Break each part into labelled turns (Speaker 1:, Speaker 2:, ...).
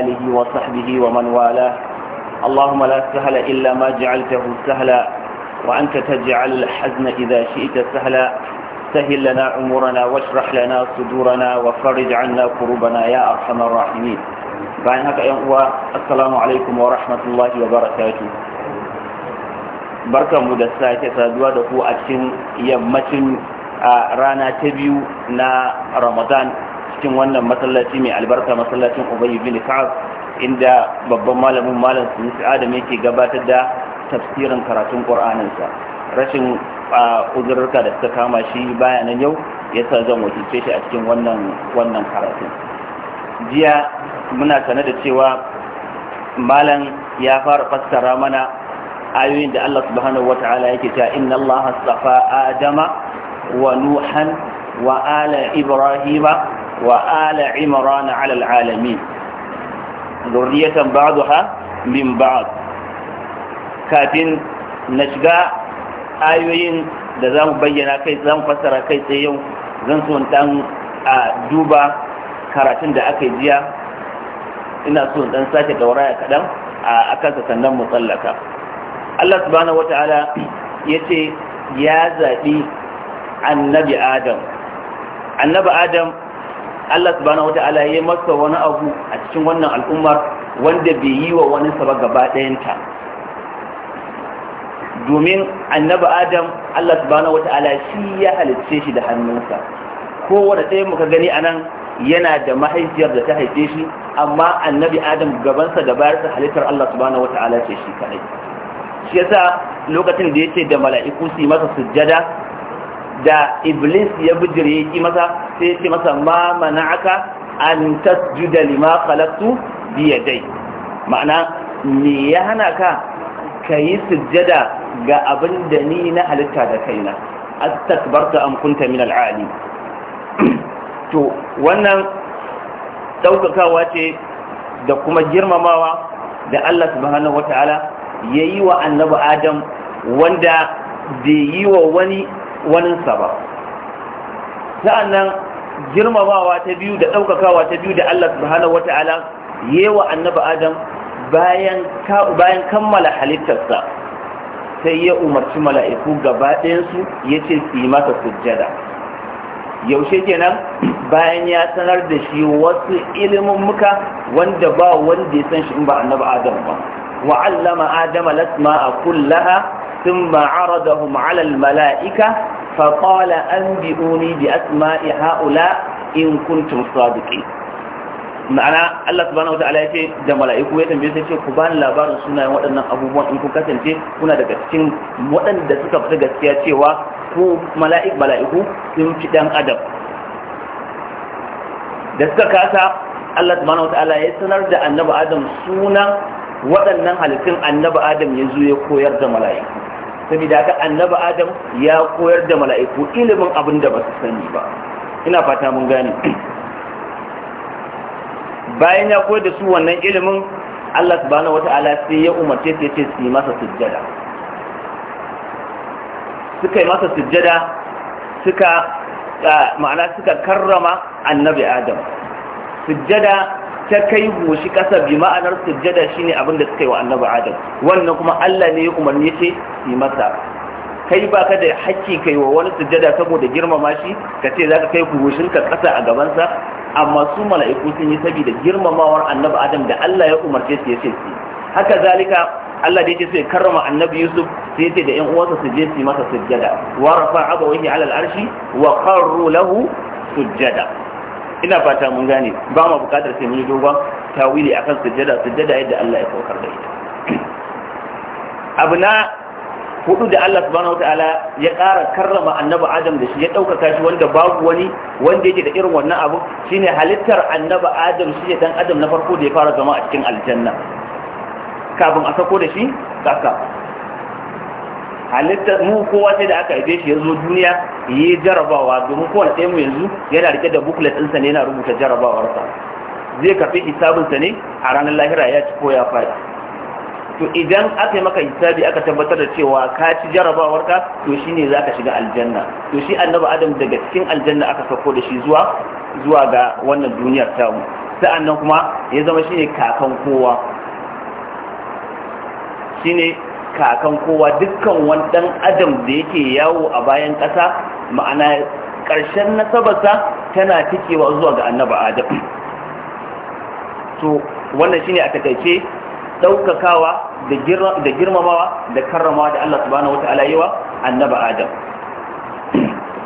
Speaker 1: آله وصحبه ومن والاه اللهم لا سهل إلا ما جعلته سهلا وأنت تجعل الحزن إذا شئت سهلا سهل لنا أمورنا واشرح لنا صدورنا وفرج عنا كروبنا يا أرحم الراحمين بعد هكا يا السلام عليكم ورحمة الله وبركاته بركة mu da sake saduwa da ku a cikin yammacin rana cikin wannan masallaci mai albarka masallacin ubayy bin ka'ab inda babban malamin malam sunusi adam yake gabatar da tafsirin karatun qur'aninsa rashin uzurarka da suka kama shi bayanan yau yasa zan wakilce shi a cikin wannan wannan karatun jiya muna sane da cewa malam ya fara fassara mana ayoyin da Allah subhanahu wata'ala yake cewa inna Allah safa adama wa nuhan wa ala ibrahima وآل عمران على العالمين ذرية بعضها من بعض kafin na shiga ayoyin da za mu bayyana kai za mu fassara kai sai yau zan so dan a duba karatun da aka jiya ina so dan sake dauraya kaɗan a akansa sannan mu tsallaka Allah subhanahu wata'ala ya ce ya zaɓi annabi Adam Allah subhanahu ya masa wani abu a cikin wannan al'ummar wanda bai yi wa wani saba ba gaba ɗayanta domin annabi adam Allah subhanahu wata'ala shi ya halitce shi da hannunsa kowane ɗaya muka gani a nan, yana da mahaifiyar da ta haife shi amma annabi adam gabansa da bayarsa halittar Allah subhanahu wata'ala ce shi kadai shi yasa lokacin da yake da mala'iku su yi masa sujjada da iblis ya bijire ki masa sai ki masa ma mana'aka an tasjuda lima khalaqtu bi yadai ma'ana me ya hana ka yi sujjada ga abin da ni na halitta da kaina astakbarta am kunta min al'ali to wannan daukakawa ce da kuma girmamawa da Allah subhanahu wata'ala yayi wa annabi Adam wanda bai yi wa wani waninsa ba sa'annan girmamawa ta biyu da ɗaukakawa ta biyu da Allah subhanahu wata'ala yewa annabi adam bayan kammala halittarsa sai ya umarci mala'iku gaba ɗayansu ya ce su masa sujjada yaushe kenan bayan ya sanar da shi wasu ilimin muka wanda ba wanda ya san shi in ba annabi adam ba wa'allama allama lasma a kullaha ثم عرضهم على الملائكة فقال أنبئوني بأسماء هؤلاء إن كنتم صادقين ma'ana Allah subhanahu wataala ya ce da mala'iku ya tambaye sai ce ku bani labarin sunayen waɗannan abubuwan in ku kasance kuna daga cikin waɗanda suka fita gaskiya cewa ku mala'ik mala'iku sun fi adam da suka kasa Allah subhanahu wataala ya sanar da annabi Adam sunan waɗannan halittun annabi Adam ya ya koyar da mala'iku saboda haka annabi adam ya koyar da mala'iku ilimin abin da ba su sani ba ina fata mun gane bayan ya koyar da su wannan ilimin Allah subhanahu wata'ala sai ya umarce su ce su yi masa sujjada suka yi masa sujjada suka ma'ana suka karrama annabi adam sujjada ta kai goshi kasa bi ma'anar sujjada shine abin da suka yi wa annabi adam wannan kuma Allah ne ya umarni ce yi masa kai ba ka da haƙƙi kai wa wani sujjada saboda girmama shi ka ce za ka kai goshin ka kasa a gabansa amma su mala'iku sun yi saboda girmamawar annabi adam da Allah ya umarce su ya ce su haka zalika Allah da yake so ya karrama annabi Yusuf sai yace da ƴan uwansa su je su masa sujjada wa rafa'a abawaihi ala al'arshi wa qarru lahu sujjada ina fata mun gane ba ma bukatar sai mun dogon tawili akan sujjada sujjada yadda Allah ya saukar da ita abu na hudu da Allah subhanahu wataala ya ƙara karrama annabi Adam da shi ya ɗaukaka shi wanda babu wani wanda yake da irin wannan abu shine halittar annabi Adam shi ne dan Adam na farko da ya fara zama a cikin aljanna kafin a sako da shi kaka halitta mu kowa sai da aka haife shi ya zo duniya yi jarabawa domin kowane ɗaya mu yanzu yana rike da booklet ɗinsa ne yana rubuta jarabawarsa zai kafi hisabinsa ne a ranar lahira ya ci ko ya faɗi to idan aka yi maka hisabi aka tabbatar da cewa ka ci jarabawarka to shi ne za ka shiga aljanna to shi annabi adam daga cikin aljanna aka sauko da shi zuwa zuwa ga wannan duniyar tamu sa'annan kuma ya zama shi ne kakan kowa ne kakan kowa dukkan wani ɗan adam da yake yawo a bayan ƙasa ma'ana ƙarshen nasabarsa tana cikewa zuwa ga annaba adam to wannan shine a takaice ɗaukakawa da girmamawa da karramawa da Allah subhanahu wata'ala yawa annaba adam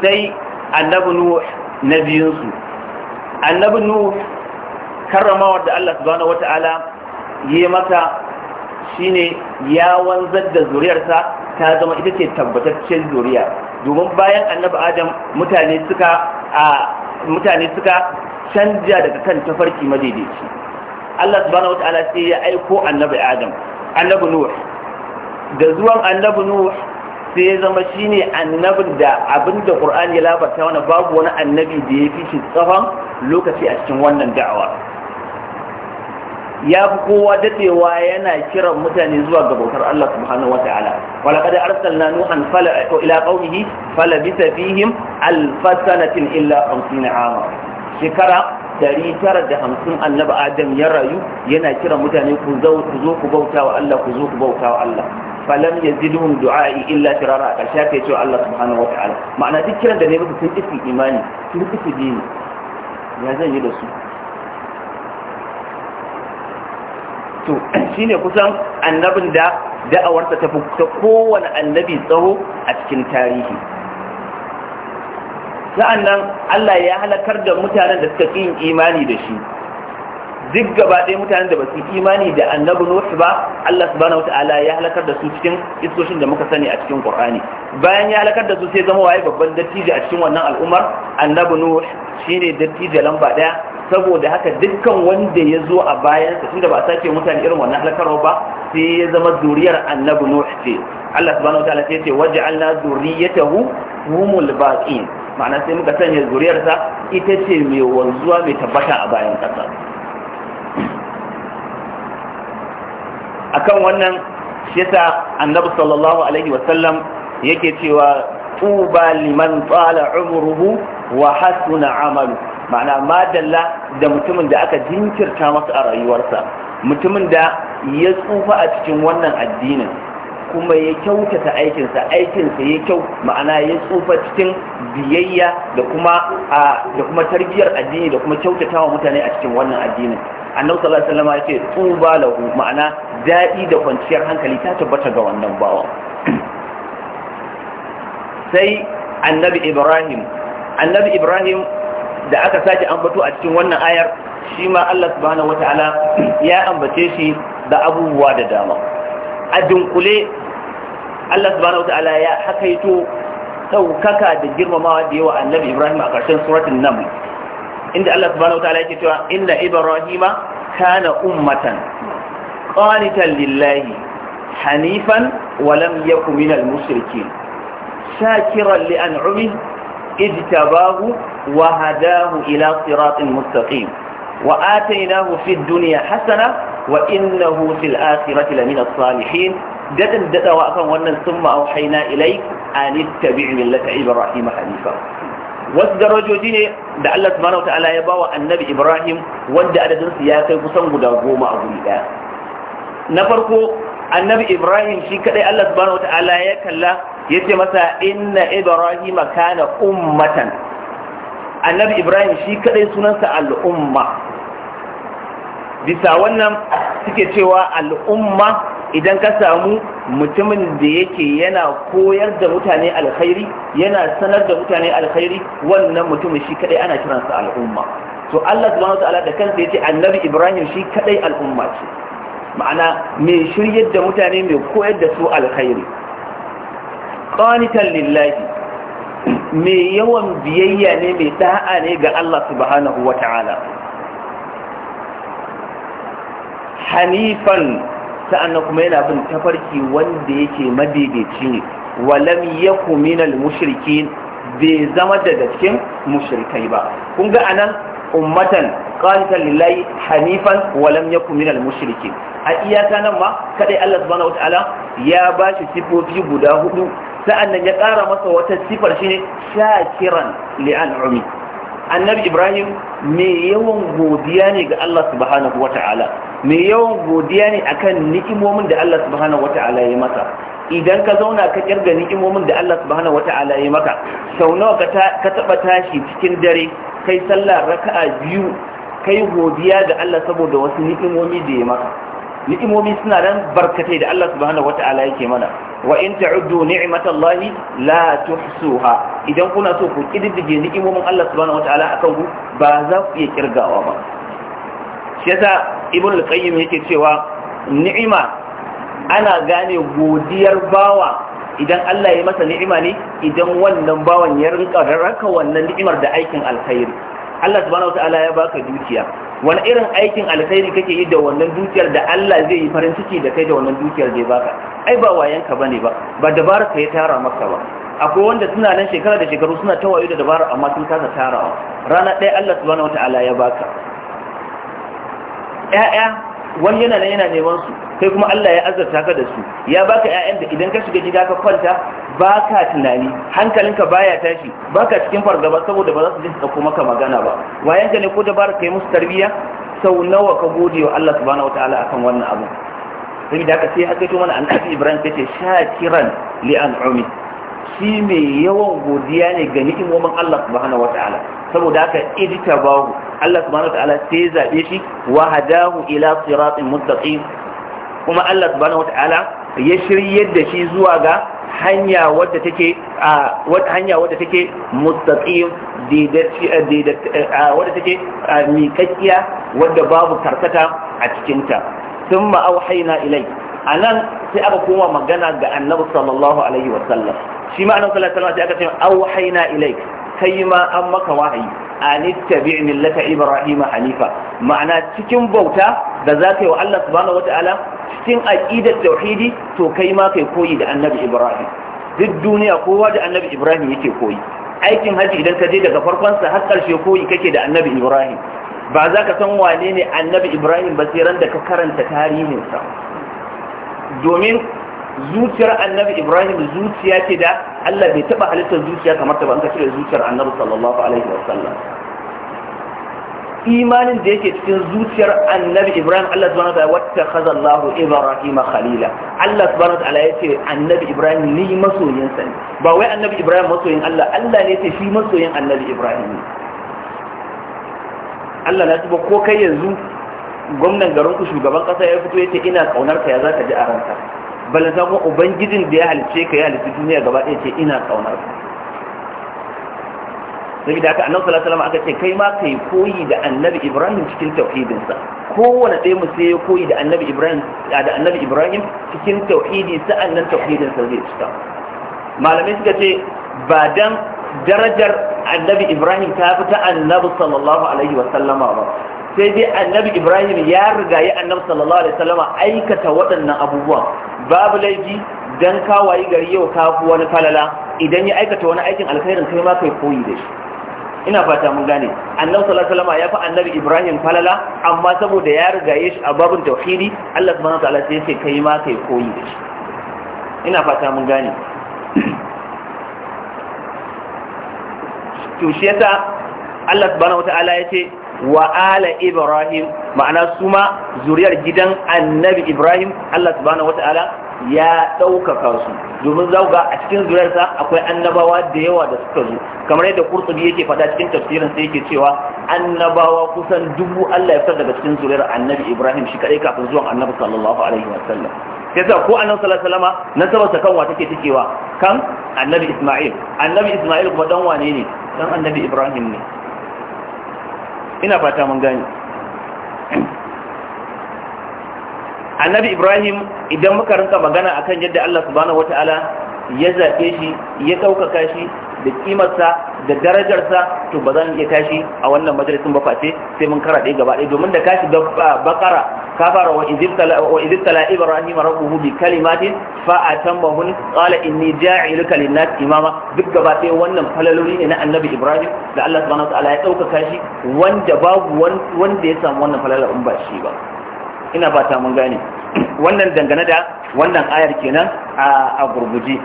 Speaker 1: sai annabi nuh na biyunsu annabi nuh karramawa da Allah subhanahu wata'ala yi maka shine ya wanzar da zuriyarsa ta zama ita ce tabbataccen zuriya domin bayan annabi adam mutane suka a canja daga kan tafarki madaidaici Allah subhanahu wataala sai ya aiko annabi adam annabi nuh da zuwan annabi nuh sai ya zama shine annabin da abinda qur'ani ya labarta wani babu wani annabi da ya fi shi tsawon lokaci a cikin wannan da'awa ya fi kowa dadewa yana kira mutane zuwa ga bautar Allah subhanahu wa ta'ala wala kada arsalna nuhan fala ila qaumihi fala bi fihim alfasanatin illa 50 ama shekara 950 annabi adam ya rayu yana kira mutane ku zo ku zo bauta wa Allah ku zo ku bauta wa Allah falam yazidhum du'a'i illa firara ka shafe cewa Allah subhanahu wa ta'ala ma'ana duk kiran da ne muka sun isi imani sun isi dini ya zan yi da su to shine kusan annabin da da'awarsa ta ta kowane annabi tsaho a cikin tarihi sa'annan Allah ya halakar da mutanen da suka yin imani da shi duk gaba ɗaya mutanen da ba su imani da annabi Nuhu ba Allah subhanahu wataala ya halakar da su cikin iskoshin da muka sani a cikin Qur'ani bayan ya halakar da su sai zama waye babban dattijo a cikin wannan al'ummar annabi Nuhu shine dattijo lamba ɗaya saboda haka dukkan wanda ya zo a bayansa tunda ba a sake mutane irin wannan halakarwa ba sai ya zama zuriyar annabi nuh ce Allah subhanahu wa sai ce waj'alna zurriyatahu humul baqin ma'ana sai muka sanya zuriyarsa ita ce mai wanzuwa mai tabbata a bayan kasa akan wannan shi yasa annabi sallallahu alaihi wasallam yake cewa tuba liman tsala umruhu wa hasuna amaluhu ma'ana madalla da mutumin da aka jinkirta masa a rayuwarsa mutumin da ya tsufa a cikin wannan addinin kuma ya kyautata aikinsa aikinsa ya kyau ma'ana ya tsufa cikin biyayya da kuma da tarbiyyar addini da kuma kyautatawa mutane a cikin wannan addinin annabi sallallahu alaihi wasallam ce tsuba lahu ma'ana daɗi da kwanciyar hankali ta tabbata ga wannan bawa sai annabi ibrahim annabi ibrahim da aka sake ambato a cikin wannan ayar shi ma Allah subhanahu wata'ala ya ambace shi da abubuwa da dama a dunkule Allah subhanahu wata'ala ya hakaito saukaka da girmamawa da yawa annabi Ibrahim a ƙarshen suratul naml inda Allah subhanahu wata'ala yake cewa inna ibrahima kana ummatan qanitan lillahi hanifan wa lam yakun minal mushrikeen shakiran li an'amihi ijtabahu wa hadahu ila siratin mustaqim wa atainahu fid dunya hasana wa innahu fil akiratu lamina salihin dadan dadawa akan wannan summa auhayna ilai an ittabi' millata ibrahim hanifa wasu darajoji ne da Allah ta'ala ya bawa annabi Ibrahim wanda adadin su ya kai kusan guda goma a guri daya na farko annabi Ibrahim shi kadai Allah subhanahu ta'ala ya kalla yace masa inna ibrahima kana ummatan annabi ibrahim shi kadai sunansa al'umma bisa wannan suke cewa al'umma idan ka samu mutumin da yake yana koyar da mutane alkhairi yana sanar da mutane alkhairi wannan mutumin shi kadai ana kiransa al'umma to Allah subhanahu wataala da kansa yace annabi Ibrahim shi kadai al'umma ce ma'ana mai shiryar da mutane mai koyar da su alkhairi qanitan lillahi mai yawan biyayya ne mai ta'a ne ga Allah subhanahu ta'ala hanifan sa'annan kuma yana bin tafarki wanda yake madaidaici ne walam yaku minal mushrikin bai zama daga cikin mushrikai ba kun ga anan ummatan qanitan lillahi hanifan wa lam yakun minal mushrikin a iyaka nan ma kadai Allah subhanahu wataala ya bashi shi sifofi guda hudu sa'annan ya ƙara masa wata sifar shine shakiran li an'umi annabi ibrahim me yawan godiya ne ga allah subhanahu wata'ala me yawan godiya ne akan ni'imomin da allah subhanahu wata'ala ya masa idan ka zauna ka kirga ni'imomin da allah subhanahu wata'ala ya maka sau nawa ka taba tashi cikin dare kai sallah raka'a biyu kai godiya ga allah saboda wasu ni'imomi da ya maka ni'imomi suna nan barkatai da Allah subhanahu wata'ala yake mana wa in ta'uddu ni'matallahi la tuhsuha idan kuna so ku kididdige ni'imomin Allah subhanahu wata'ala akan ku ba za ku iya kirgawa ba shi yasa ibn al-qayyim yake cewa ni'ima ana gane godiyar bawa idan Allah ya masa ni'ima ne idan wannan bawan ya rinka raka wannan ni'imar da aikin alkhairi Allah subhanahu wataala ya baka dukiya wani irin aikin alkhairi kake yi da wannan dukiyar da Allah zai yi farin ciki da kai da wannan dukiyar zai baka ai ba wayanka bane ba ba dabara ka ya tara maka ba akwai wanda suna nan shekara da shekaru suna wayo da dabara amma sun kasa tarawa rana ɗaya Allah subhanahu wataala ya baka ƴaƴa wani yana nan yana neman su kai kuma Allah ya azarta ka da su ya baka ƴaƴan da idan ka shiga gida ka kwanta baka tunani hankalinka baya tashi baka cikin fargaba saboda ba za su ji su dauko maka magana ba wayan ka ne ko dabara kai musu tarbiyya sau nawa ka gode wa Allah subhanahu wataala akan wannan abu sai da ka sai haka to mana annabi Ibrahim kace shakiran li'an an'umi shi mai yawan godiya ne ga ni'imomin Allah subhanahu wata'ala saboda haka bahu Allah subhanahu wata'ala sai zabe shi wa hadahu ila siratin mustaqim kuma Allah subhanahu wata'ala ya shiryar da shi zuwa ga hanya wadda take a wata hanya wadda take mustaqim wadda take mikakkiya wadda babu karkata a cikinta thumma awhayna ilayka a nan sai aka koma magana ga annabi sallallahu alaihi wasallam shi ma annabi sallallahu alaihi sai aka ce auhayna ilaik kai ma an maka wahayi an tabi millata ibrahim hanifa ma'ana cikin bauta da za ka yi wa Allah subhanahu wataala cikin aqidar tauhidi to kai ma kai koyi da annabi ibrahim duk duniya kowa da annabi ibrahim yake koyi aikin haji idan ka je daga farkonsa har karshe koyi kake da annabi ibrahim ba za ka san wane ne annabi ibrahim ba sai ran da ka karanta tarihinsa domin zuciyar annabi ibrahim zuciya ce da allah bai taba halittar zuciya kamar ta ba an ka cire zuciyar annabi sallallahu alaihi wasallam imanin da yake cikin zuciyar annabi ibrahim allah subhanahu wa ta'ala wata khaza allah ibrahim khalila allah subhanahu wa ta'ala yace annabi ibrahim ni masoyin sa ba wai annabi ibrahim masoyin allah allah ne yace shi masoyin annabi ibrahim Allah na tuba ko kai yanzu gwamnan garin ku shugaban kasa ya fito yace ina kaunar ka ya zaka ji a ranka balanta kuma ubangijin da ya halice ka ya halice duniya gaba ɗaya ce ina kaunar ka sai da aka annabi sallallahu alaihi aka ce kai ma kai koyi da annabi Ibrahim cikin tauhidin sa kowanne ɗaya mu sai ya koyi da annabi Ibrahim da annabi Ibrahim cikin tauhidi sa'annan tauhidin sa zai cika malamai suka ce ba dan darajar annabi Ibrahim ta fi ta annabi sallallahu alaihi wa sallama ba sai dai annabi ibrahim ya ya annabi sallallahu alaihi wasallama aikata waɗannan abubuwan babu laifi dan kawayi gari yau ka fi wani falala idan ya aikata wani aikin alkhairin kai ma kai koyi da shi ina fata mun gane annabi sallallahu alaihi wasallama ya fi annabi ibrahim falala amma saboda ya ya shi a babin tauhidi Allah subhanahu wataala sai sai kai ma kai koyi da shi ina fata mun gane to shi yasa Allah subhanahu wataala ya ce wa ala ibrahim ma'ana suma ma zuriyar gidan annabi ibrahim Allah subhanahu wataala ya ɗaukaka su domin za ga a cikin zuriyarsa akwai annabawa da yawa da suka zo kamar yadda kurtubi yake faɗa cikin tafsirin sai yake cewa annabawa kusan dubu Allah ya fitar daga cikin zuriyar annabi ibrahim shi kaɗai kafin zuwan annabi sallallahu alaihi wa sallam sai sa ko annabi sallallahu alaihi wasallama nasabarsa kanwa take tikewa kan annabi isma'il annabi isma'il kuma dan wane ne dan annabi ibrahim ne ina fata mun gani annabi ibrahim idan muka rinka magana akan yadda Allah subhanahu wataala ya zaɓe shi ya ɗaukaka shi da kimarsa da darajarsa to ba zan iya tashi a wannan majalisun ba face sai mun kara ɗaya gaba ɗaya domin da kashi bakara ka fara wa izibtala ibrahim rabbuhu bi kalimatin fa atammahun qala inni ja'iluka lin imama duk gaba ɗaya wannan falaloli ne na annabi ibrahim da Allah subhanahu wataala ya ɗaukaka shi wanda babu wanda ya samu wannan falalar in ba shi ba ina fata mun gane wannan dangane da wannan ayar kenan a gurguje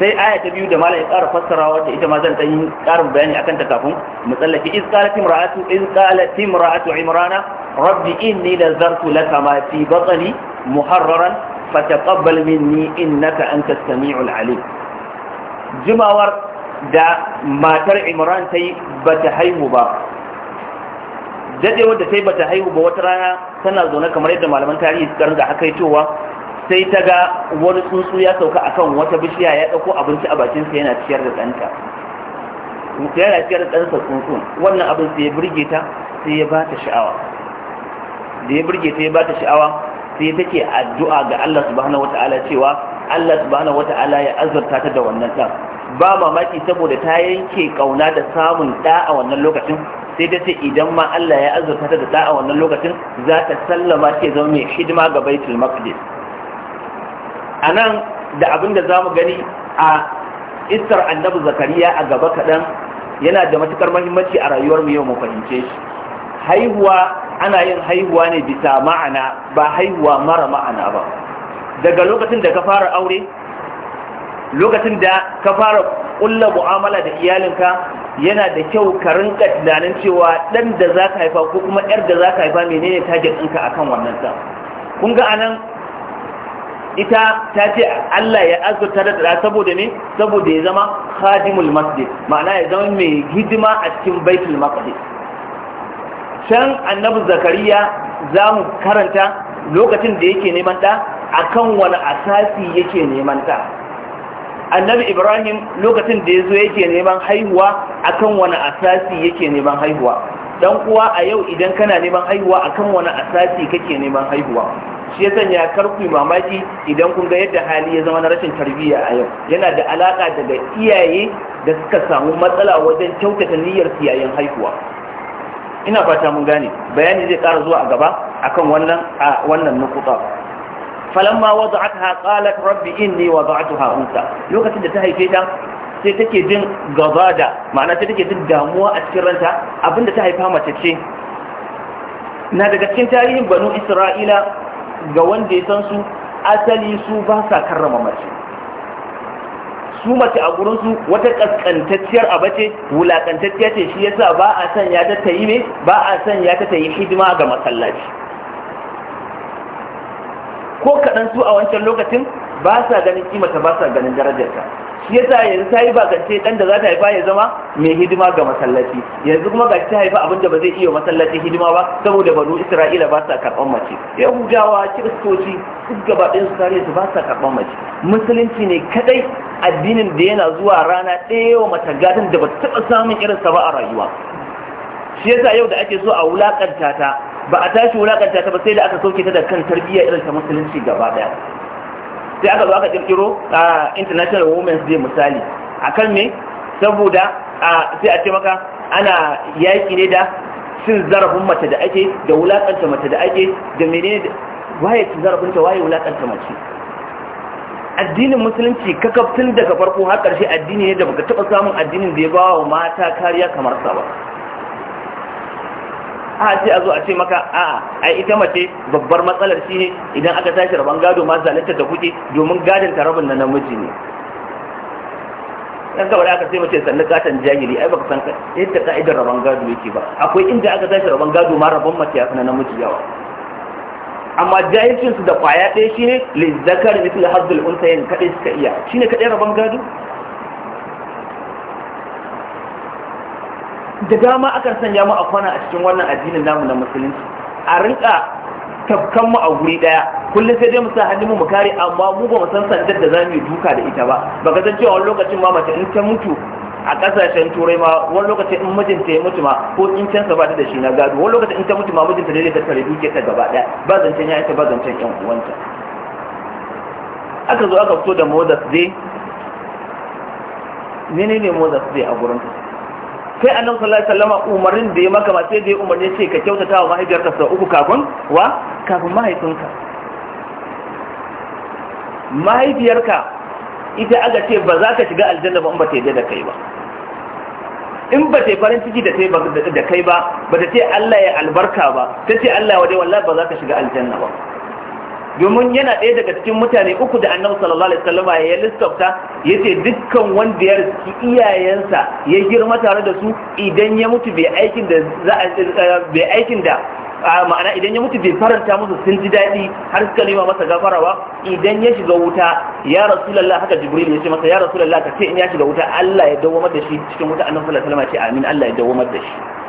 Speaker 1: sai aya ta biyu da malam ya ƙara fassarawa da ita ma zan ɗan yi ƙarin bayani akan ta kafin mu tsallake iz qalat imra'atu iz qalat imra'atu imrana rabbi inni nazartu laka ma fi batni muharraran fataqabbal minni innaka antas samiul alim jumawar da matar imran ta yi bata haihu ba dade wanda sai bata haihu ba wata rana tana zaune kamar yadda malaman tarihi suka ringa hakaitowa sai ta ga wani tsuntsu ya sauka akan wata bishiya ya dauko abinci a bakin sa yana ciyar da danta yana ciyar da ɗansa tsuntsu. wannan abin sai ya burge ta sai ya bata sha'awa da ya burge ta ya bata sha'awa sai take addu'a ga Allah subhanahu wataala cewa Allah subhanahu wataala ya azurta ta da wannan ɗan ba mamaki saboda ta yanke kauna da samun ɗa a wannan lokacin sai ta ce idan ma Allah ya azurta ta da ta a wannan lokacin za ta sallama ce zama mai hidima ga baitul maqdis anan da abin da zamu gani a istar annabi zakariya a gaba kaɗan yana da matukar muhimmanci a rayuwar mu yau mu fahimce shi haihuwa ana yin haihuwa ne bisa ma'ana ba haihuwa mara ma'ana ba daga lokacin da ka fara aure lokacin da ka fara ƙulla mu'amala da iyalinka yana da kyau ka rinka tunanin cewa ɗan da za ka haifa ko kuma ƴar da za ka haifa menene target ɗinka akan wannan sa kun ga anan ita ta ce Allah ya azurta da ɗa saboda ne saboda ya zama khadimul masjid ma'ana ya zama mai hidima a cikin baitul maqdis can annabi zakariya za mu karanta lokacin da yake neman ɗa akan wani asasi yake neman ɗa annabi ibrahim lokacin da ya zo yake neman haihuwa akan wani asasi yake neman haihuwa dan kuwa a yau idan kana neman haihuwa akan wani asasi kake neman haihuwa shi ya sanya karku mamaki idan kun ga yadda hali ya zama na rashin tarbiyya a yau yana da alaka daga iyaye da suka samu matsala wajen kyautata niyyar yayin haihuwa ina fata mun gane bayani zai kara zuwa a gaba akan wannan a wannan nukuta falamma wada'atha qalat rabbi inni wada'tuha unsa lokacin da ta haife ta sai take jin gabada ma'ana sai take jin damuwa a cikin ranta abinda ta haifa mace ce na daga cikin tarihin banu isra'ila ga wanda ya san su asali su ba sa karrama mace su mace a gurinsu wata kaskantacciyar bace, wulakantacciya ce shi yasa ba a sanya ta tayi ne ba a sanya ta tayi hidima ga masallaci ko kaɗan su a wancan lokacin ba sa ganin kimata ba sa ganin darajarta shi yasa yanzu ta yi bakance ɗan da za ta haifa ya zama mai hidima ga masallaci yanzu kuma ga ta haifa abinda ba zai iya masallaci hidima ba saboda banu isra'ila ba sa karɓar mace yahudawa kiristoci duk gaba ɗaya su tare su ba sa karɓar mace musulunci ne kadai addinin da yana zuwa rana ɗaya wa matagatin da ba taɓa samun irinsa ba a rayuwa shi yasa yau da ake so a wulaƙanta ta ba a tashi wulakanta ta ba sai da aka sauke ta da kan tarbiyya irin ta musulunci gaba daya sai aka zo aka kirkiro a international women's day misali a kan me saboda sai a ce maka ana yaki ne da cin zarafin mace da ake da wulakanta mace da ake da menene waye cin zarafin ta waye wulakanta mace addinin musulunci kakaftun daga farko har ƙarshe addini ne da baka taɓa samun addinin da ya ba wa mata kariya kamar sa ba a sai a zo a ce maka a ai ita mace babbar matsalar shi idan aka tashi rabon gado ma zalunta ta kuke domin gadon ta rabin na namiji ne kan kawai aka sai mace sannu katon jahili ai baka san yadda ka'idar rabon gado yake ba akwai inda aka tashi rabon gado ma rabon mace ya fi na namiji yawa amma jahilcin su da kwaya ɗaya shi ne lizzakar misli hazzul unta yin kaɗai suka iya shi ne kaɗai rabon gado da dama akan sanya mu a kwana a cikin wannan addinin namu na musulunci a rinka tafkan mu a guri daya kullum sai dai mu sa hannu mu kare amma mu ba mu san sandar da za mu yi duka da ita ba baka san cewa wani lokacin ma mace in ta mutu a kasashen turai ma wani lokacin in mijinta ya mutu ma ko in can sa ba da shi na gado wani lokacin in ta mutu ma mijinta dai ta tare duke ta gaba daya ba zancen ya ta ba zancen yan uwanta aka zo aka fito da Moses dai ne Moses dai a gurin sai annabi sallallahu alaihi wasallam umarin da ya maka ba sai da ya umarni ce ka kyautata wa mahaifiyarka sau uku kafin wa kafin mahaifinka mahaifiyarka ita aka ce ba za ka shiga aljanna ba in ba ta yarda da kai ba in ba ta farin ciki da kai ba ba ta ce Allah ya albarka ba ta ce Allah wa dai wallahi ba za ka shiga aljanna ba domin yana ɗaya daga cikin mutane uku da annabi sallallahu alaihi wasallam ya lissafta yace dukkan wanda ya riski iyayensa ya girma tare da su idan ya mutu bai aikin da za bai aikin da ma'ana idan ya mutu bai faranta musu sun ji daɗi har suka nema masa gafarawa idan ya shiga wuta ya rasulullah haka jibril ya ce masa ya rasulullah ka ce in ya shiga wuta Allah ya dawo da shi cikin wuta annabi sallallahu alaihi wasallam ya ce amin Allah ya dawo da shi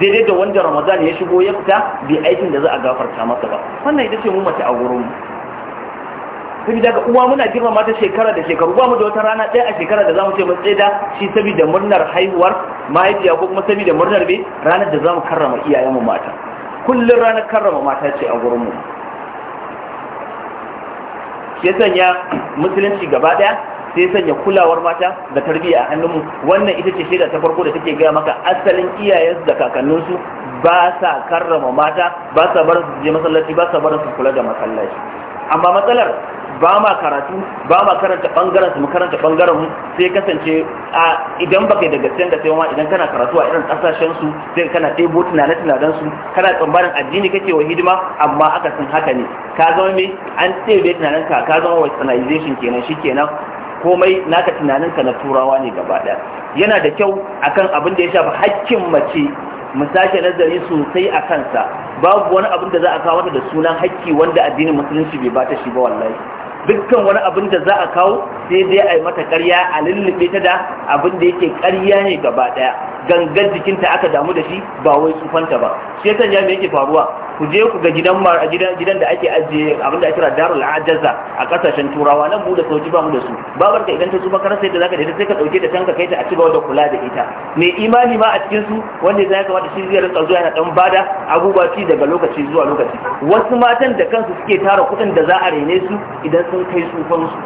Speaker 1: daidai da wanda ramadan ya shigo ya fita bai aikin da za a gafarta masa ba wannan ita ce mu mace a wurin mu ga uwa muna girma mata shekara da shekaru ba mu da wata rana ɗaya a shekara da zamu ce mu da shi sabida murnar haihuwar mahaifiya ko kuma sabida murnar bai ranar da zamu karrama iyayen iyayenmu mata Kullum ranar karrama mata ce a gurin mu ya sanya musulunci gaba ɗaya? sai sanya kulawar mata da tarbiyya a hannunmu wannan ita ce shaida ta farko da take gaya maka asalin iyayensu da kakanninsu ba sa karrama mata ba sa bar su je masallaci ba sa bar su kula da masallaci amma matsalar ba ma karatu ba ma karanta bangaren su mu bangaren sai kasance a idan ba kai daga can da sai ma idan kana karatu a irin kasashen su sai kana tebo tunane tunanen su kana tsambarin addini kake wa hidima amma aka sun haka ne ka zama me an tebe tunanen ka ka zama westernization kenan shi kenan. komai naka tunaninka na turawa ne gaba ɗaya yana da kyau akan abin da ya shafi hakkin mace mu sake nazari sosai a kansa babu wani abin da za a kawo da sunan hakki wanda addinin musulunci bai bata shi ba wallahi dukkan wani abin da za a kawo sai dai a yi mata ƙarya a lullube ta da abin da yake ƙarya ne gaba ɗaya gangan jikinta aka damu da shi ba wai tsufanta ba shi ya ya me yake faruwa ku je ku ga gidan gidan da ake ajiye abin da ake kira darul ajaza a kasashen turawa nan mu da sauki ba mu da su babar ka idan ta su makarar sai da zaka da sai ka dauke da tanka kai ta a ci gaba da kula da ita mai imani ma a cikin su wanda kama da shi zai rinka zuwa yana dan bada abubuwa ci daga lokaci zuwa lokaci wasu matan da kansu suke tara kuɗin da za a rene su idan sun kai tsufan su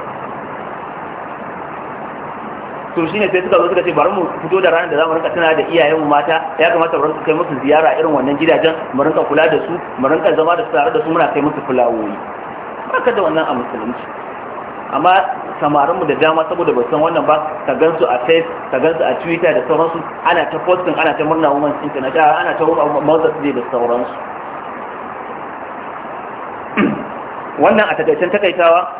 Speaker 1: to shine sai suka zo suka ce bari mu fito da ranar da za mu rinka tana da iyayenmu mata ya kamata mu rinka kai musu ziyara irin wannan gidajen mu rinka kula da su mu rinka zama da su tare da su muna kai musu fulawoyi haka da wannan a musulunci amma samarinmu da dama saboda ba san wannan ba ka gansu a face ka gansu a twitter da sauransu ana ta posting ana ta murna women's internet ana ta motsa su da sauransu wannan a takaicen takaitawa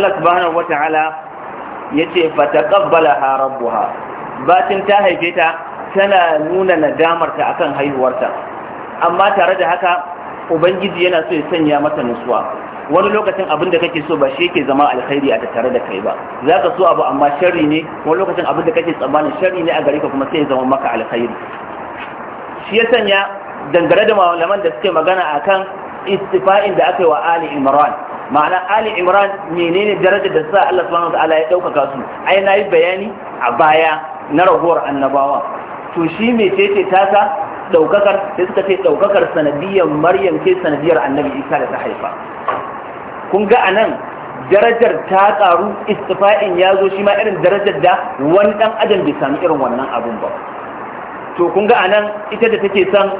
Speaker 1: Allah subhanahu wataala yace fataqabbalaha rabbuha batin ta haife ta tana nuna nadamarta akan haihuwarta amma tare da haka ubangiji yana so ya sanya mata nutsuwa wani lokacin abin da kake so ba shi yake zama alkhairi a tattare da kai ba za ka so abu amma sharri ne wani lokacin abin da kake tsammanin sharri ne a gare ka kuma sai ya zama maka alkhairi shi ya sanya dangare da malaman da suke magana akan istifa'in da aka yi wa ali imran ma'ana ali imran menene darajar da sa Allah subhanahu wataala ya ɗaukaka su ai na yi bayani a baya na ragowar annabawa to shi me ta tasa ɗaukakar sai suka ce ɗaukakar sanadiyar maryam ke sanadiyar annabi isa da ta haifa kun ga anan darajar ta karu istifa'in ya zo shi ma irin darajar da wani dan adam bai sami irin wannan abun ba to kun ga anan ita da take san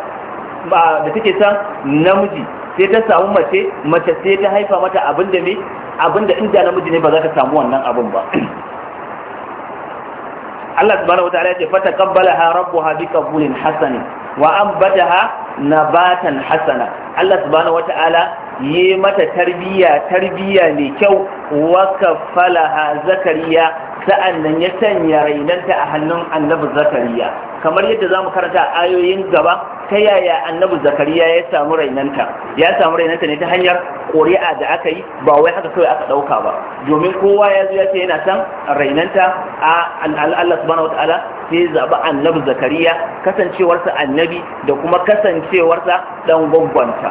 Speaker 1: da take san namiji sai ta samu mace mace sai ta haifa mata abin da me abin da inda namiji ne ba za ta samu wannan abin ba Allah subhanahu wa ta'ala ya ce fata qabbalaha rabbuha bi qabulin hasani wa ambataha nabatan hasana Allah subhanahu wa ta'ala yi mata tarbiyya tarbiyya mai kyau wa kafalaha zakariya sa'annan ya sanya rainanta a hannun annabi zakariya kamar yadda za mu karanta ayoyin gaba ta yaya annabi zakariya ya samu rainanta ya samu rainanta ne ta hanyar ƙuri'a da aka yi ba wai haka kawai aka ɗauka ba domin kowa ya zo ya ce yana san rainanta a Allah subhanahu wataala sai zaɓi annabi zakariya kasancewarsa annabi da kuma kasancewarsa ɗan gwangwanta